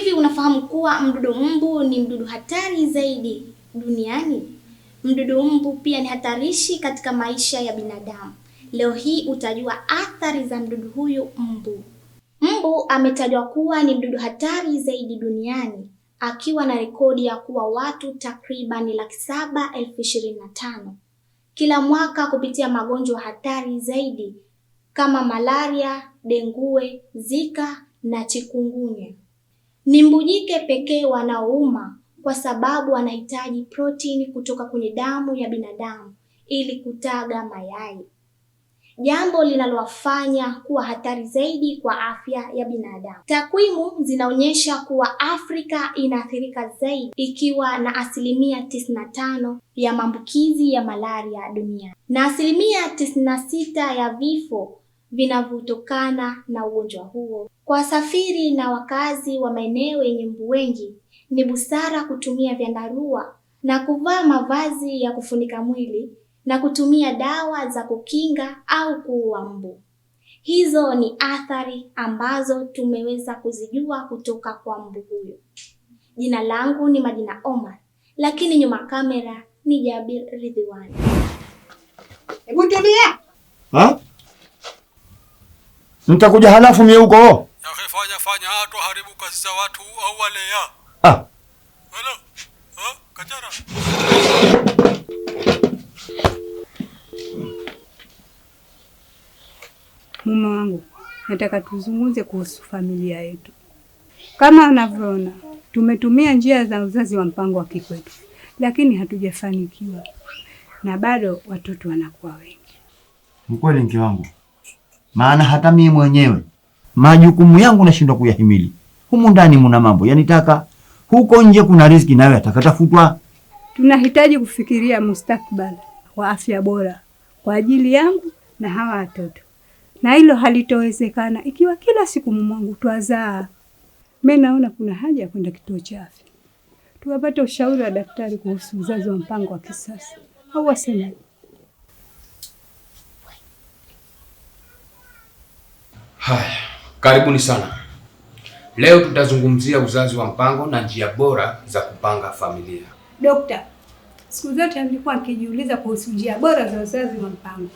Hivi unafahamu kuwa mdudu mbu ni mdudu hatari zaidi duniani? Mdudu mbu pia ni hatarishi katika maisha ya binadamu. Leo hii utajua athari za mdudu huyu mbu. Mbu ametajwa kuwa ni mdudu hatari zaidi duniani akiwa na rekodi ya kuwa watu takriban laki saba elfu ishirini na tano kila mwaka kupitia magonjwa hatari zaidi kama malaria, dengue, zika na chikungunya. Ni mbujike pekee wanaouma kwa sababu wanahitaji protini kutoka kwenye damu ya binadamu ili kutaga mayai, jambo linalowafanya kuwa hatari zaidi kwa afya ya binadamu. Takwimu zinaonyesha kuwa Afrika inaathirika zaidi ikiwa na asilimia 95 ya maambukizi ya malaria duniani na asilimia 96 ya vifo vinavyotokana na ugonjwa huo. Kwa wasafiri na wakazi wa maeneo yenye mbu wengi, ni busara kutumia vyandarua na kuvaa mavazi ya kufunika mwili na kutumia dawa za kukinga au kuua mbu. Hizo ni athari ambazo tumeweza kuzijua kutoka kwa mbu huyo. Jina langu ni Madina Omar, lakini nyuma kamera ni Jabir Ridhiwani. Hebu tulia. Ha? Mtakuja halafu mie huko za watu au wale ya ah. Hello. Ha? Mume wangu, nataka tuzungumze kuhusu familia yetu. Kama unavyoona, tumetumia njia za uzazi wa mpango wa kikwetu, lakini hatujafanikiwa na bado watoto wanakuwa wengi. Mkweli mke wangu, maana hata mimi mwenyewe majukumu yangu nashindwa kuyahimili humu ndani muna mambo yanitaka, huko nje kuna riziki nayo yatakatafutwa. Tunahitaji kufikiria mustakbal wa afya bora kwa ajili yangu na hawa watoto, na hilo halitowezekana ikiwa kila siku mumwangu twazaa. menaona naona kuna haja ya kwenda kituo cha afya tuwapate ushauri wa daktari kuhusu uzazi wa mpango wa kisasa, au waseme haya. Karibuni sana. Leo tutazungumzia uzazi wa mpango na njia bora za kupanga familia. Dokta, siku zote nilikuwa nikijiuliza kuhusu njia bora za uzazi wa mpango,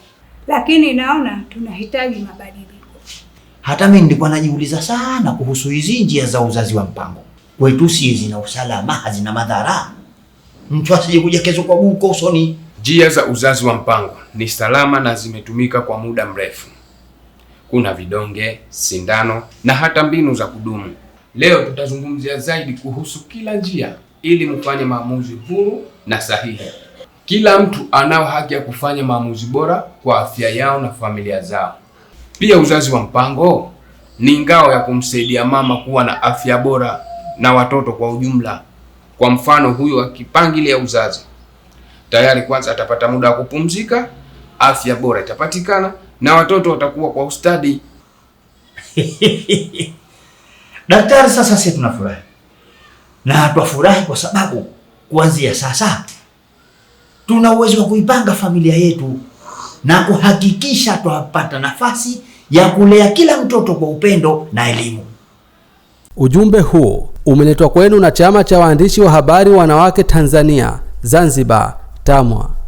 lakini naona tunahitaji mabadiliko. Hata mimi nilikuwa najiuliza sana kuhusu hizi njia za uzazi wa mpango kwetu, si zina usalama, hazina madhara, mtu asije kuja kesho kwa guko usoni. Njia za uzazi wa mpango ni salama na zimetumika kwa muda mrefu kuna vidonge, sindano na hata mbinu za kudumu. Leo tutazungumzia zaidi kuhusu kila njia ili mfanye maamuzi huru na sahihi. Kila mtu anao haki ya kufanya maamuzi bora kwa afya yao na familia zao. Pia uzazi wa mpango ni ngao ya kumsaidia mama kuwa na afya bora na watoto kwa ujumla. Kwa mfano, huyu akipangilia uzazi tayari, kwanza atapata muda wa kupumzika, afya bora itapatikana na watoto watakuwa kwa ustadi. Daktari, sasa sisi tunafurahi na twafurahi kwa sababu kuanzia sasa tuna uwezo wa kuipanga familia yetu na kuhakikisha twapata nafasi ya kulea kila mtoto kwa upendo na elimu. Ujumbe huo umeletwa kwenu na Chama cha Waandishi wa Habari Wanawake Tanzania Zanzibar, TAMWA.